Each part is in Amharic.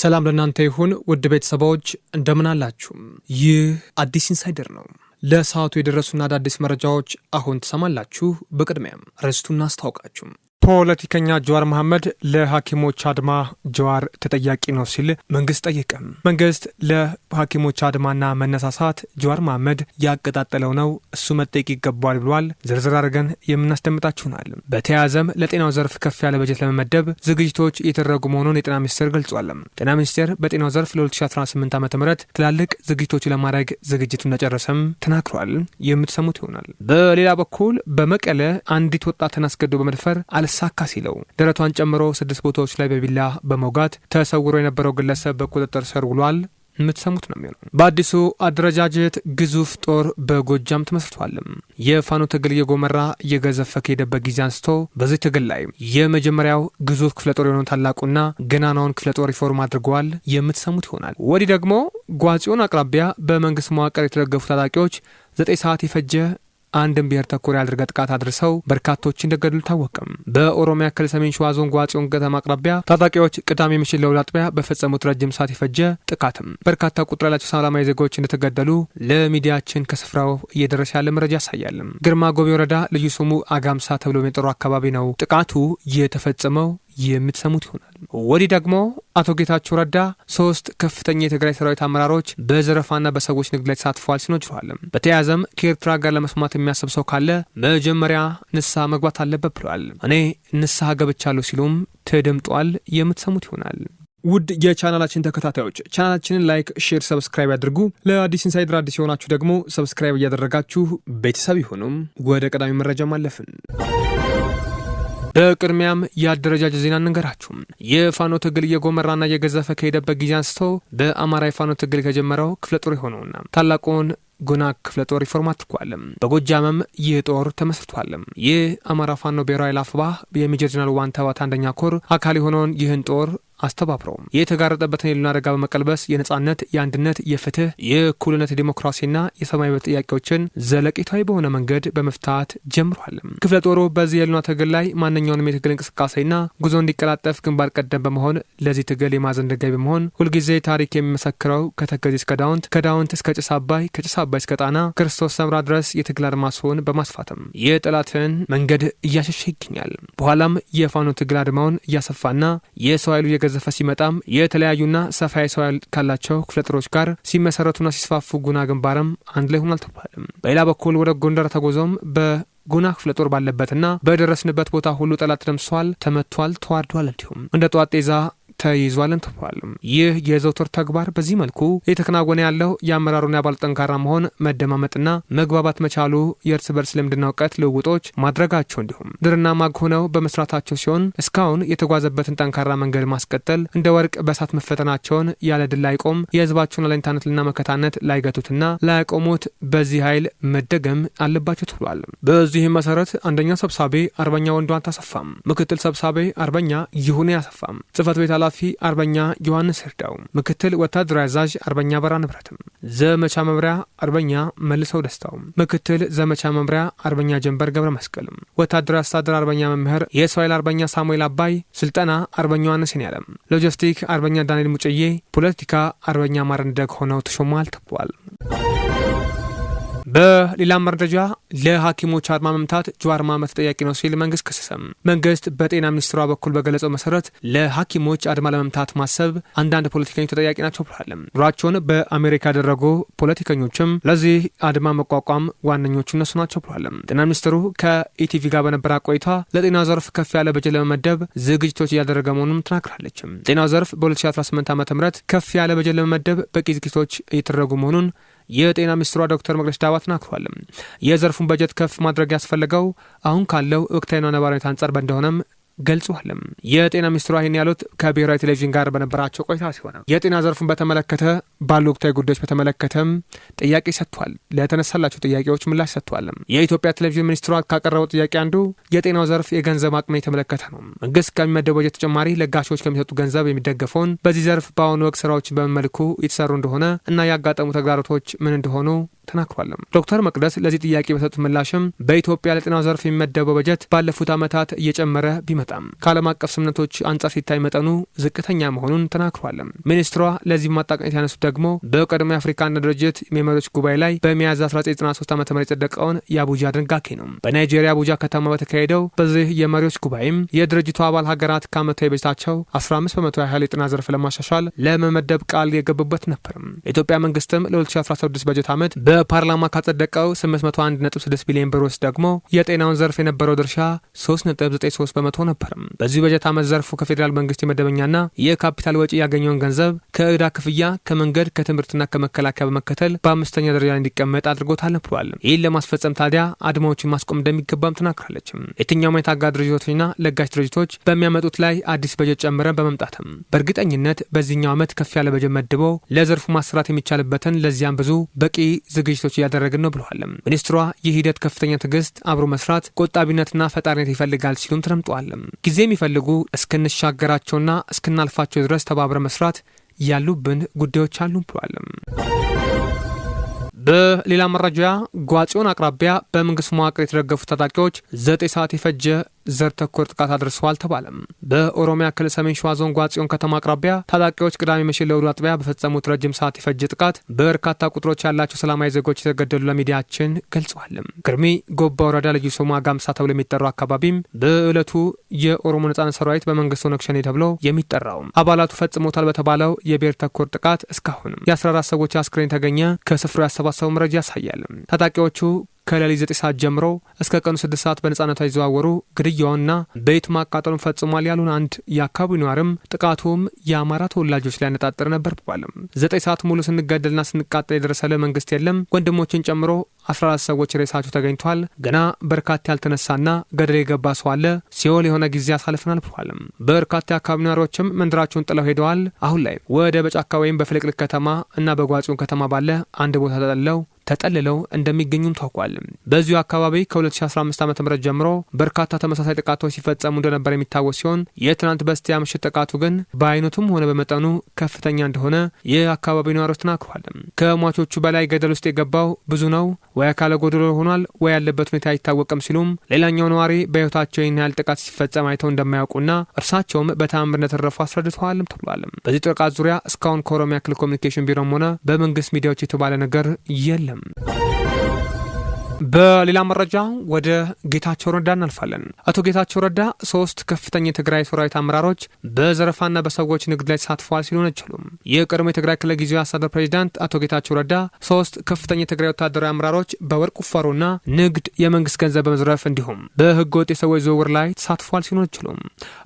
ሰላም ለእናንተ ይሁን ውድ ቤተሰባዎች እንደምን አላችሁም? ይህ አዲስ ኢንሳይደር ነው። ለሰዓቱ የደረሱና አዳዲስ መረጃዎች አሁን ትሰማላችሁ። በቅድሚያም ርዕስቱን አስታውቃችሁ ፖለቲከኛ ጀዋር መሐመድ ለሐኪሞች አድማ ጀዋር ተጠያቂ ነው ሲል መንግስት ጠየቀም። መንግስት ለሐኪሞች አድማና መነሳሳት ጀዋር መሐመድ ያቀጣጠለው ነው እሱ መጠየቅ ይገባል ብሏል። ዝርዝር አድርገን የምናስደምጣችሁናል። በተያያዘም ለጤናው ዘርፍ ከፍ ያለ በጀት ለመመደብ ዝግጅቶች እየተደረጉ መሆኑን የጤና ሚኒስቴር ገልጿል። ጤና ሚኒስቴር በጤናው ዘርፍ ለ2018 ዓ ም ትላልቅ ዝግጅቶች ለማድረግ ዝግጅቱ እንደጨረሰም ተናግሯል። የምትሰሙት ይሆናል። በሌላ በኩል በመቀለ አንዲት ወጣትን አስገዶ በመድፈር አለ አልሳካ ሲለው ደረቷን ጨምሮ ስድስት ቦታዎች ላይ በቢላ በመውጋት ተሰውሮ የነበረው ግለሰብ በቁጥጥር ስር ውሏል። የምትሰሙት ነው የሚሆነው። በአዲሱ አደረጃጀት ግዙፍ ጦር በጎጃም ተመስርቷልም። የፋኖ ትግል እየጎመራ እየገዘፈ ከሄደበት ጊዜ አንስቶ በዚህ ትግል ላይ የመጀመሪያው ግዙፍ ክፍለ ጦር የሆነው ታላቁና ገናናውን ክፍለ ጦር ሪፎርም አድርገዋል። የምትሰሙት ይሆናል። ወዲህ ደግሞ ጓጽዮን አቅራቢያ በመንግስት መዋቅር የተደገፉ ታጣቂዎች ዘጠኝ ሰዓት የፈጀ አንድን ብሔር ተኮር ያደረገ ጥቃት አድርሰው በርካቶች እንደገደሉ ታወቀም። በኦሮሚያ ክልል ሰሜን ሸዋ ዞን ጓጽዮን ከተማ አቅራቢያ ታጣቂዎች ቅዳሜ ምሽት ለሁለት አጥቢያ በፈጸሙት ረጅም ሰዓት የፈጀ ጥቃትም በርካታ ቁጥር ያላቸው ሰላማዊ ዜጋዎች እንደተገደሉ ለሚዲያችን ከስፍራው እየደረሰ ያለ መረጃ ያሳያልም። ግርማ ጎቤ ወረዳ ልዩ ስሙ አጋምሳ ተብሎ የሚጠሩ አካባቢ ነው ጥቃቱ የተፈጸመው። የምትሰሙት ይሆናል። ወዲህ ደግሞ አቶ ጌታቸው ረዳ ሶስት ከፍተኛ የትግራይ ሰራዊት አመራሮች በዘረፋና በሰዎች ንግድ ላይ ተሳትፈዋል ሲኖ ወንጅለዋል። በተያያዘም ከኤርትራ ጋር ለመስማት የሚያስብ ሰው ካለ መጀመሪያ ንስሐ መግባት አለበት ብለዋል። እኔ ንስሐ ገብቻለሁ ሲሉም ተደምጧል። የምትሰሙት ይሆናል። ውድ የቻናላችን ተከታታዮች ቻናላችንን ላይክ፣ ሼር፣ ሰብስክራይብ ያድርጉ። ለአዲስ ኢንሳይድር አዲስ የሆናችሁ ደግሞ ሰብስክራይብ እያደረጋችሁ ቤተሰብ ይሆኑም ወደ ቀዳሚ መረጃ ማለፍን በቅድሚያም የአደረጃጀት ዜና እንንገራችሁ። የፋኖ ትግል እየጎመራና እየገዘፈ ከሄደበት ጊዜ አንስቶ በአማራ የፋኖ ትግል ከጀመረው ክፍለ ጦር የሆነውና ታላቁን ጉና ክፍለ ጦር ሪፎርም አድርጓል። በጎጃምም ይህ ጦር ተመስርቷል። ይህ አማራ ፋኖ ብሔራዊ ላፍባ የሜጀር ጀነራል ዋንተባት አንደኛ ኮር አካል የሆነውን ይህን ጦር አስተባብረውም የተጋረጠበትን የሉን አደጋ በመቀልበስ የነጻነት፣ የአንድነት፣ የፍትህ፣ የእኩልነት፣ የዲሞክራሲና የሰብአዊ መብት ጥያቄዎችን ዘለቂታዊ በሆነ መንገድ በመፍታት ጀምሯል። ክፍለ ጦሩ በዚህ የሉና ትግል ላይ ማንኛውንም የትግል እንቅስቃሴና ጉዞ እንዲቀላጠፍ ግንባር ቀደም በመሆን ለዚህ ትግል የማዕዘን ድንጋይ በመሆን ሁልጊዜ ታሪክ የሚመሰክረው ከተከዜ እስከ ዳውንት፣ ከዳውንት እስከ ጭስ አባይ፣ ከጭስ አባይ እስከ ጣና ክርስቶስ ሰምራ ድረስ የትግል አድማሱን በማስፋትም የጠላትን መንገድ እያሸሸ ይገኛል። በኋላም የፋኖ ትግል አድማውን እያሰፋና የሰው ኃይሉ እየገዘፈ ሲመጣም የተለያዩና ሰፋ ሰው ካላቸው ክፍለጦሮች ጋር ሲመሰረቱና ሲስፋፉ ጉና ግንባርም አንድ ላይ ሆኗል ተብሏል። በሌላ በኩል ወደ ጎንደር ተጉዞም በ ጉና ክፍለ ጦር ባለበትና በደረስንበት ቦታ ሁሉ ጠላት ደምሷል፣ ተመቷል፣ ተዋርዷል። እንዲሁም እንደ ጠዋት ጤዛ ተይዟልን ተብሏልም። ይህ የዘውትር ተግባር በዚህ መልኩ የተከናወነ ያለው የአመራሩን ያባል ጠንካራ መሆን፣ መደማመጥና መግባባት መቻሉ የእርስ በርስ ልምድና እውቀት ልውውጦች ማድረጋቸው እንዲሁም ድርና ማግ ሆነው በመስራታቸው ሲሆን እስካሁን የተጓዘበትን ጠንካራ መንገድ ማስቀጠል እንደ ወርቅ በእሳት መፈተናቸውን ያለ ድል ላይቆም የህዝባቸውን አለኝታነትና መከታነት ላይገቱትና ላያቆሙት በዚህ ኃይል መደገም አለባቸው ተብሏል። በዚህም መሰረት አንደኛ ሰብሳቢ አርበኛ ወንዷን ታሰፋም፣ ምክትል ሰብሳቢ አርበኛ ይሁኔ አሰፋም፣ ጽህፈት ቤት ኃላፊ ኃላፊ አርበኛ ዮሐንስ እርዳው፣ ምክትል ወታደራዊ አዛዥ አርበኛ በራ ንብረትም፣ ዘመቻ መምሪያ አርበኛ መልሰው ደስታው፣ ምክትል ዘመቻ መምሪያ አርበኛ ጀንበር ገብረ መስቀልም፣ ወታደራዊ አስተዳደር አርበኛ መምህር የእስራኤል አርበኛ ሳሙኤል አባይ፣ ስልጠና አርበኛ ዮሐንስ ኔያለም፣ ሎጂስቲክ አርበኛ ዳንኤል ሙጭዬ፣ ፖለቲካ አርበኛ ማረንደግ ሆነው ተሾሟል ተብሏል። በሌላ መረጃ ለሐኪሞች አድማ መምታት ጀዋር መሐመድ ተጠያቂ ነው ሲል መንግስት ከሰሰም። መንግስት በጤና ሚኒስትሯ በኩል በገለጸው መሰረት ለሐኪሞች አድማ ለመምታት ማሰብ አንዳንድ ፖለቲከኞች ተጠያቂ ናቸው ብሏል። ኑሯቸውን በአሜሪካ ያደረጉ ፖለቲከኞችም ለዚህ አድማ መቋቋም ዋነኞቹ እነሱ ናቸው ብሏል። ጤና ሚኒስትሩ ከኢቲቪ ጋር በነበረ ቆይታ ለጤና ዘርፍ ከፍ ያለ በጀት ለመመደብ ዝግጅቶች እያደረገ መሆኑንም ተናግራለች። ጤና ዘርፍ በ2018 ዓ ም ከፍ ያለ በጀት ለመመደብ በቂ ዝግጅቶች እየተደረጉ መሆኑን የጤና ሚኒስትሯ ዶክተር መቅደስ ዳባ አክሏል። የዘርፉን በጀት ከፍ ማድረግ ያስፈለገው አሁን ካለው ወቅታዊና ነባራዊ አንጻር በእንደሆነም ገልጿልም። የጤና ሚኒስትሯ ይህን ያሉት ከብሔራዊ ቴሌቪዥን ጋር በነበራቸው ቆይታ ሲሆን የጤና ዘርፉን በተመለከተ ባሉ ወቅታዊ ጉዳዮች በተመለከተም ጥያቄ ሰጥቷል። ለተነሳላቸው ጥያቄዎች ምላሽ ሰጥቷልም። የኢትዮጵያ ቴሌቪዥን ሚኒስትሯ ካቀረበው ጥያቄ አንዱ የጤናው ዘርፍ የገንዘብ አቅምን የተመለከተ ነው። መንግስት ከሚመደበው ተጨማሪ ለጋሾች ከሚሰጡ ገንዘብ የሚደገፈውን በዚህ ዘርፍ በአሁኑ ወቅት ስራዎችን በመልኩ የተሰሩ እንደሆነ እና ያጋጠሙ ተግዳሮቶች ምን እንደሆኑ ተናግሯልም። ዶክተር መቅደስ ለዚህ ጥያቄ በሰጡት ምላሽም በኢትዮጵያ ለጤናው ዘርፍ የሚመደበው በጀት ባለፉት ዓመታት እየጨመረ ቢመ አይመጣም። ከዓለም አቀፍ ስምምነቶች አንጻር ሲታይ መጠኑ ዝቅተኛ መሆኑን ተናግሯል። ሚኒስትሯ ለዚህ ማጣቀነት ያነሱት ደግሞ በቀድሞ የአፍሪካ አንድነት ድርጅት የመሪዎች ጉባኤ ላይ በሚያዝያ 1993 ዓ ም የጸደቀውን የአቡጃ ድንጋጌ ነው። በናይጄሪያ አቡጃ ከተማ በተካሄደው በዚህ የመሪዎች ጉባኤም የድርጅቱ አባል ሀገራት ከዓመታዊ በጀታቸው 15 በመቶ ያህል የጤና ዘርፍ ለማሻሻል ለመመደብ ቃል የገቡበት ነበር። የኢትዮጵያ መንግስትም ለ2016 በጀት ዓመት በፓርላማ ካጸደቀው 816 ቢሊዮን ብር ውስጥ ደግሞ የጤናውን ዘርፍ የነበረው ድርሻ 3.93 በመቶ ነበር። ነበርም። በዚሁ በጀት ዓመት ዘርፉ ከፌዴራል መንግስት የመደበኛና የካፒታል ወጪ ያገኘውን ገንዘብ ከእዳ ክፍያ፣ ከመንገድ፣ ከትምህርትና ከመከላከያ በመከተል በአምስተኛ ደረጃ ላይ እንዲቀመጥ አድርጎታል ብሏል። ይህን ለማስፈጸም ታዲያ አድማዎችን ማስቆም እንደሚገባም ተናግራለች። የትኛውም አጋር ድርጅቶችና ለጋሽ ድርጅቶች በሚያመጡት ላይ አዲስ በጀት ጨምረን በመምጣትም በእርግጠኝነት በዚህኛው ዓመት ከፍ ያለ በጀት መድቦ ለዘርፉ ማሰራት የሚቻልበትን ለዚያም ብዙ በቂ ዝግጅቶች እያደረግን ነው ብለዋል ሚኒስትሯ። ይህ ሂደት ከፍተኛ ትዕግስት፣ አብሮ መስራት፣ ቆጣቢነትና ፈጣሪነት ይፈልጋል ሲሉም ተደምጠዋል። ጊዜ የሚፈልጉ እስክንሻገራቸውና እስክናልፋቸው ድረስ ተባብረ መስራት ያሉብን ጉዳዮች አሉ ብሏልም። በሌላ መረጃ ጓጽዮን አቅራቢያ በመንግስት መዋቅር የተደገፉ ታጣቂዎች ዘጠኝ ሰዓት የፈጀ ዘር ተኮር ጥቃት አድርሰዋል ተባለም። በኦሮሚያ ክልል ሰሜን ሸዋ ዞን ጓጽዮን ከተማ አቅራቢያ ታጣቂዎች ቅዳሜ ምሽት ለውዱ አጥቢያ በፈጸሙት ረጅም ሰዓት የፈጀ ጥቃት በርካታ ቁጥሮች ያላቸው ሰላማዊ ዜጎች የተገደሉ ለሚዲያችን ገልጸዋል። ግርሚ ጎባ ወረዳ ልዩ ስሙ አጋምሳ ተብሎ የሚጠራው አካባቢም በዕለቱ የኦሮሞ ነጻነት ሰራዊት በመንግስት ኦነግ ሸኔ ተብሎ የሚጠራው አባላቱ ፈጽሞታል በተባለው የብሔር ተኮር ጥቃት እስካሁንም የ14 ሰዎች አስክሬን የተገኘ ከስፍራው ያሰባሰበው መረጃ ያሳያል። ታጣቂዎቹ ከሌሊት 9 ሰዓት ጀምሮ እስከ ቀኑ 6 ሰዓት በነጻነቷ ይዘዋወሩ ግድያውንና ቤት ማቃጠሉን ፈጽሟል ያሉን አንድ የአካባቢው ነዋሪም ጥቃቱም የአማራ ተወላጆች ላይ ያነጣጠረ ነበር ብሏልም። 9 ሰዓት ሙሉ ስንገደልና ስንቃጠል የደረሰ ለመንግስት የለም ወንድሞችን ጨምሮ 14 ሰዎች ሬሳቸው ተገኝቷል። ገና በርካታ ያልተነሳና ገደል የገባ ሰው አለ። ሲኦል የሆነ ጊዜ አሳልፈናል ብሏልም። በርካታ የአካባቢ ነዋሪዎችም መንደራቸውን ጥለው ሄደዋል። አሁን ላይ ወደ በጫካ ወይም በፍልቅልቅ ከተማ እና በጓጽዮን ከተማ ባለ አንድ ቦታ ተጠለው ተጠልለው እንደሚገኙም ታውቋል። በዚሁ አካባቢ ከ2015 ዓ ም ጀምሮ በርካታ ተመሳሳይ ጥቃቶች ሲፈጸሙ እንደነበር የሚታወስ ሲሆን የትናንት በስቲያ ምሽት ጥቃቱ ግን በአይነቱም ሆነ በመጠኑ ከፍተኛ እንደሆነ የአካባቢው ነዋሪዎች ተናግሯል። ከሟቾቹ በላይ ገደል ውስጥ የገባው ብዙ ነው ወይ አካለ ጎደሎ ሆኗል ወይ ያለበት ሁኔታ አይታወቅም ሲሉም ሌላኛው ነዋሪ በህይወታቸው ይህን ያህል ጥቃት ሲፈጸም አይተው እንደማያውቁና እርሳቸውም በተአምር እንደተረፉ አስረድተዋልም ተብሏል። በዚህ ጥቃት ዙሪያ እስካሁን ከኦሮሚያ ክልል ኮሚኒኬሽን ቢሮም ሆነ በመንግስት ሚዲያዎች የተባለ ነገር የለም። FM. በሌላ መረጃ ወደ ጌታቸው ረዳ እናልፋለን። አቶ ጌታቸው ረዳ ሶስት ከፍተኛ የትግራይ ሰራዊት አመራሮች በዘረፋና በሰዎች ንግድ ላይ ተሳትፈዋል ሲሉ ነችሉም። የቀድሞ የትግራይ ክልል ጊዜያዊ አስተዳደር ፕሬዚዳንት አቶ ጌታቸው ረዳ ሶስት ከፍተኛ የትግራይ ወታደራዊ አመራሮች በወርቅ ቁፋሮና ንግድ፣ የመንግስት ገንዘብ በመዝረፍ እንዲሁም በህገ ወጥ የሰዎች ዝውውር ላይ ተሳትፏል ሲሉ ነችሉም።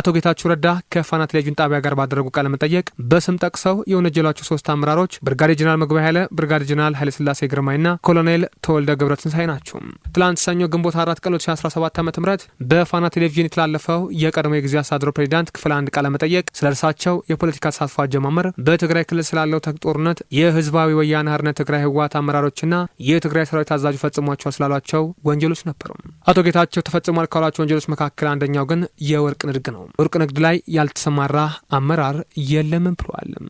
አቶ ጌታቸው ረዳ ከፋና ቴሌቪዥን ጣቢያ ጋር ባደረጉ ቃለ መጠየቅ በስም ጠቅሰው የወነጀሏቸው ሶስት አመራሮች ብርጋዴ ጀነራል መግባይ ኃይለ፣ ብርጋዴ ጀነራል ኃይለስላሴ ግርማይና ኮሎኔል ተወልደ ገብረትንሳይ ናቸው። ናቸው። ትላንት ሰኞ ግንቦት አራት ቀን 2017 ዓ ም በፋና ቴሌቪዥን የተላለፈው የቀድሞ የጊዜ አስተዳደሩ ፕሬዚዳንት ክፍል አንድ ቃለ መጠየቅ ስለ እርሳቸው የፖለቲካ ተሳትፎ አጀማመር፣ በትግራይ ክልል ስላለው ጦርነት፣ የህዝባዊ ወያነ ሓርነት ትግራይ ህወሓት አመራሮችና የትግራይ ሰራዊት አዛዥ ፈጽሟቸዋል ስላሏቸው ወንጀሎች ነበሩ። አቶ ጌታቸው ተፈጽሟል ካሏቸው ወንጀሎች መካከል አንደኛው ግን የወርቅ ንግድ ነው። ወርቅ ንግድ ላይ ያልተሰማራ አመራር የለምን ብለዋልም።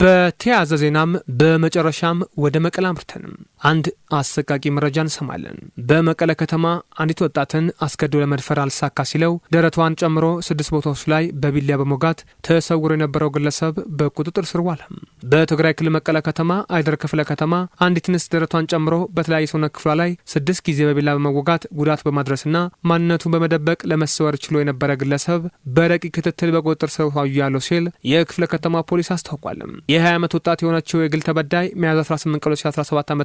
በተያያዘ ዜናም በመጨረሻም ወደ መቀለ አምርተንም አንድ አሰቃቂ መረጃ እንሰማለን። በመቀለ ከተማ አንዲት ወጣትን አስገድዶ ለመድፈር አልሳካ ሲለው ደረቷን ጨምሮ ስድስት ቦታዎች ላይ በቢላ በሞጋት ተሰውሮ የነበረው ግለሰብ በቁጥጥር ስር ዋለም። በትግራይ ክልል መቀለ ከተማ አይደር ክፍለ ከተማ አንዲት እንስት ደረቷን ጨምሮ በተለያየ ሰውነት ክፍሏ ላይ ስድስት ጊዜ በቢላ በመወጋት ጉዳት በማድረስና ማንነቱን በመደበቅ ለመሰወር ችሎ የነበረ ግለሰብ በረቂቅ ክትትል በቁጥጥር ስር ያለው ሲል የክፍለ ከተማ ፖሊስ አስታውቋል። የ20 ዓመት ወጣት የሆነችው የግል ተበዳይ ሚያዝያ 18 ቀን 2017 ዓ ም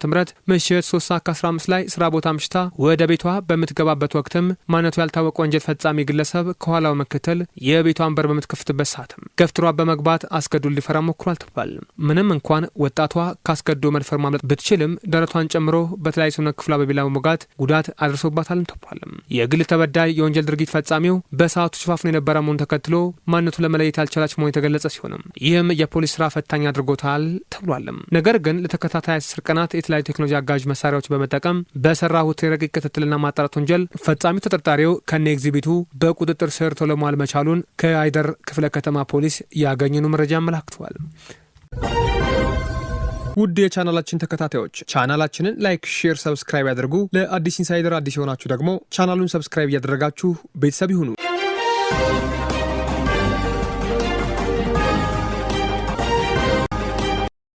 ምሽት 3 ሰዓት ከ15 ላይ ስራ ቦታ አምሽታ ወደ ቤቷ በምትገባበት ወቅትም ማንነቱ ያልታወቀ ወንጀል ፈጻሚ ግለሰብ ከኋላው መከተል የቤቷን በር በምትከፍትበት ሰዓትም ገፍትሯ በመግባት አስገዱ ሊፈራ ሞክሯል ተብሏል። ምንም እንኳን ወጣቷ ካስገድዶ መድፈር ማምለጥ ብትችልም ደረቷን ጨምሮ በተለያዩ ሰውነት ክፍሏ በቢላ በመውጋት ጉዳት አድርሶባታልም ተብሏል። የግል ተበዳይ የወንጀል ድርጊት ፈጻሚው በሰዓቱ ሽፋፍኖ የነበረ መሆኑን ተከትሎ ማንነቱ ለመለየት ያልቻላች መሆኑ የተገለጸ ሲሆንም ይህም የፖሊስ ስራ ፈታኝ አድርጎታል ተብሏልም። ነገር ግን ለተከታታይ አስር ቀናት የተለያዩ ቴክኖሎጂ አጋዥ መሳሪያዎች በመጠቀም በሰራሁት ረቂቅ ክትትልና ማጣራት ወንጀል ፈጻሚው ተጠርጣሪው ከነ ኤግዚቢቱ በቁጥጥር ስር ተለሟል መቻሉን ከአይደር ክፍለ ከተማ ፖሊስ ያገኘኑ መረጃ አመላክተዋል። ውድ የቻናላችን ተከታታዮች ቻናላችንን ላይክ፣ ሼር፣ ሰብስክራይብ ያድርጉ። ለአዲስ ኢንሳይደር አዲስ የሆናችሁ ደግሞ ቻናሉን ሰብስክራይብ እያደረጋችሁ ቤተሰብ ይሁኑ።